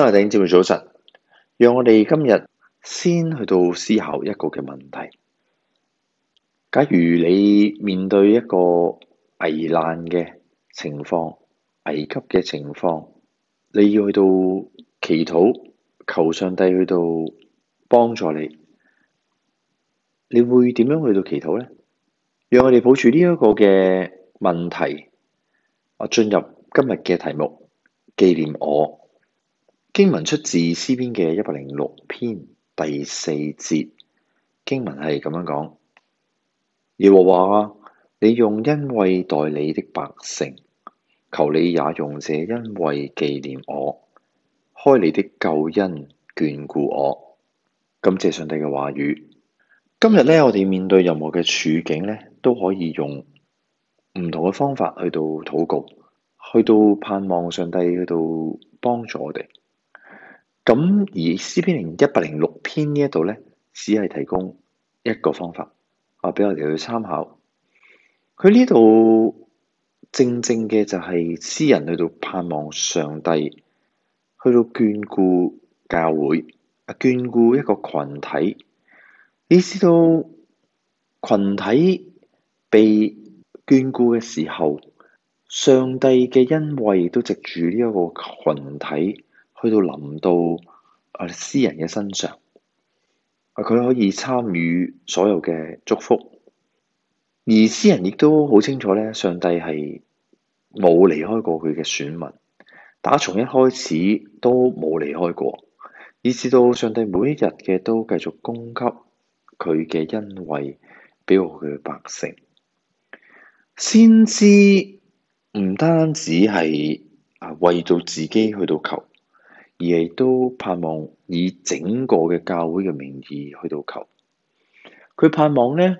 大家頂朝早早晨，讓我哋今日先去到思考一個嘅問題。假如你面對一個危難嘅情況，危急嘅情況，你要去到祈禱求上帝去到幫助你，你會點樣去到祈禱呢？讓我哋抱住呢一個嘅問題，我進入今日嘅題目：紀念我。經文出自詩篇嘅一百零六篇第四節，經文係咁樣講：耶和華啊，你用恩惠待你的百姓，求你也用這恩惠紀念我，開你的救恩眷顧我。感謝上帝嘅話語，今日呢，我哋面對任何嘅處境呢，都可以用唔同嘅方法去到禱告，去到盼望上帝去到幫助我哋。咁而詩篇零一百零六篇呢一度咧，只係提供一個方法啊，俾我哋去參考。佢呢度正正嘅就係詩人去到盼望上帝去到眷顧教會啊，眷顧一個群體。意思到群體被眷顧嘅時候，上帝嘅恩惠都藉住呢一個群體去到臨到啊，詩人嘅身上，佢可以參與所有嘅祝福。而詩人亦都好清楚咧，上帝係冇離開過佢嘅選民，打從一開始都冇離開過，以至到上帝每一日嘅都繼續供給佢嘅恩惠，俾我佢嘅百姓。先知唔單止係啊，為咗自己去到求。而亦都盼望以整個嘅教會嘅名義去到求。佢盼望咧，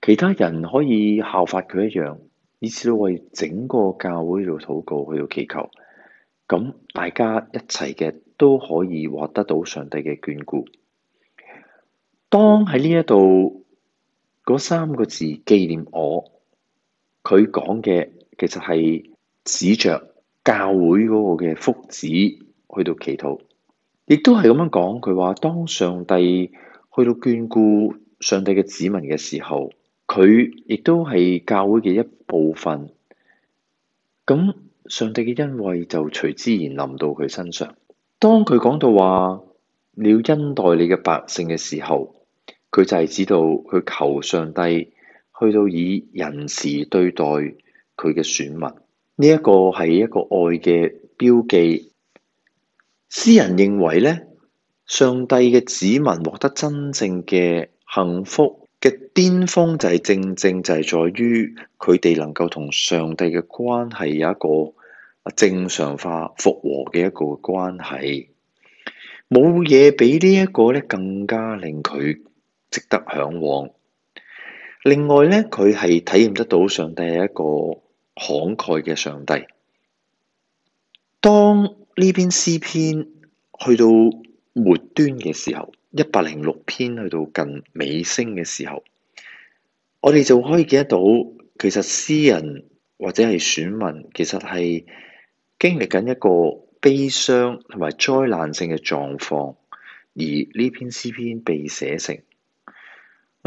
其他人可以效法佢一樣，以此為整個教會做禱告、去到祈求。咁大家一齊嘅都可以獲得到上帝嘅眷顧。當喺呢一度嗰三個字記念我，佢講嘅其實係指着教會嗰個嘅福祉。去到祈禱，亦都係咁樣講。佢話當上帝去到眷顧上帝嘅子民嘅時候，佢亦都係教會嘅一部分。咁上帝嘅恩惠就隨之而臨到佢身上。當佢講到話你要恩待你嘅百姓嘅時候，佢就係知道佢求上帝去到以仁慈對待佢嘅選民。呢、這、一個係一個愛嘅標記。詩人認為咧，上帝嘅子民獲得真正嘅幸福嘅巔峰，就係正正就係在於佢哋能夠同上帝嘅關係有一個正常化、復和嘅一個關係。冇嘢比呢一個咧更加令佢值得向往。另外咧，佢係體驗得到上帝係一個慷慨嘅上帝。當呢篇詩篇去到末端嘅時候，一百零六篇去到近尾聲嘅時候，我哋就可以見得到，其實詩人或者係選民，其實係經歷緊一個悲傷同埋災難性嘅狀況，而呢篇詩篇被寫成，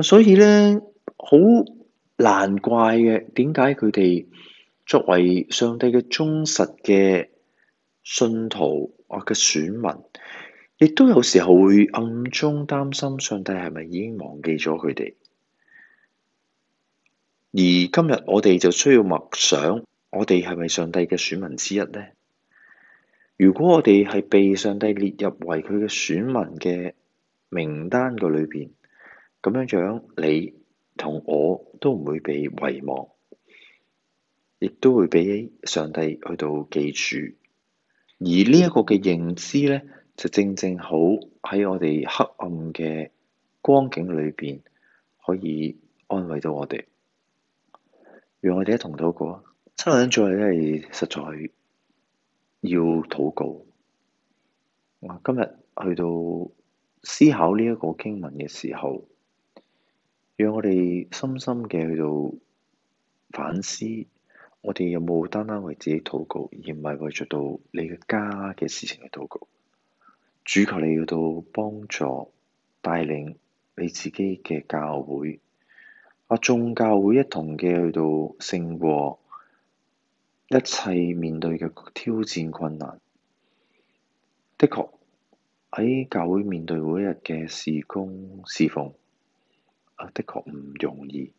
所以呢，好難怪嘅，點解佢哋作為上帝嘅忠實嘅？信徒或嘅選民，亦都有時候會暗中擔心上帝係咪已經忘記咗佢哋？而今日我哋就需要默想，我哋係咪上帝嘅選民之一呢？如果我哋係被上帝列入為佢嘅選民嘅名單嘅裏邊，咁樣樣你同我都唔會被遺忘，亦都會俾上帝去到記住。而呢一個嘅認知咧，就正正好喺我哋黑暗嘅光景裏邊，可以安慰到我哋。讓我哋一同禱告啊！七個人聚會都係實在要禱告。我今日去到思考呢一個經文嘅時候，讓我哋深深嘅去到反思。我哋又冇單單為自己禱告，而唔係為咗到你嘅家嘅事情去禱告？主求你要到幫助、帶領你自己嘅教會，啊，眾教會一同嘅去到勝過一切面對嘅挑戰困難。的確喺教會面對每一日嘅事工侍奉，啊，的確唔容易。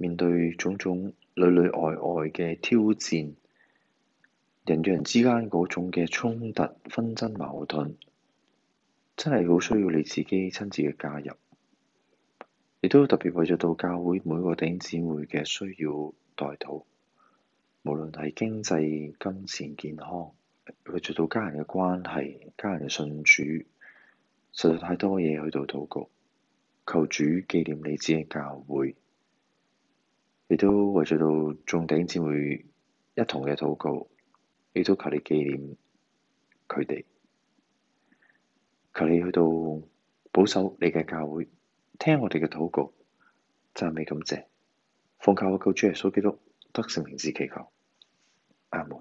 面對種種裏裏外外嘅挑戰，人與人之間嗰種嘅衝突、紛爭、矛盾，真係好需要你自己親自嘅加入，亦都特別為咗到教會每個弟兄姊妹嘅需要代禱，無論係經濟、金錢、健康，為咗到家人嘅關係、家人嘅信主，實在太多嘢去到禱告，求主紀念你自己嘅教會。亦都為咗到眾弟兄姊妹一同嘅禱告，亦都求你記念佢哋，求你去到保守你嘅教會，聽我哋嘅禱告，讚美感謝，奉靠我救主耶穌基督，得勝名字祈求，阿門。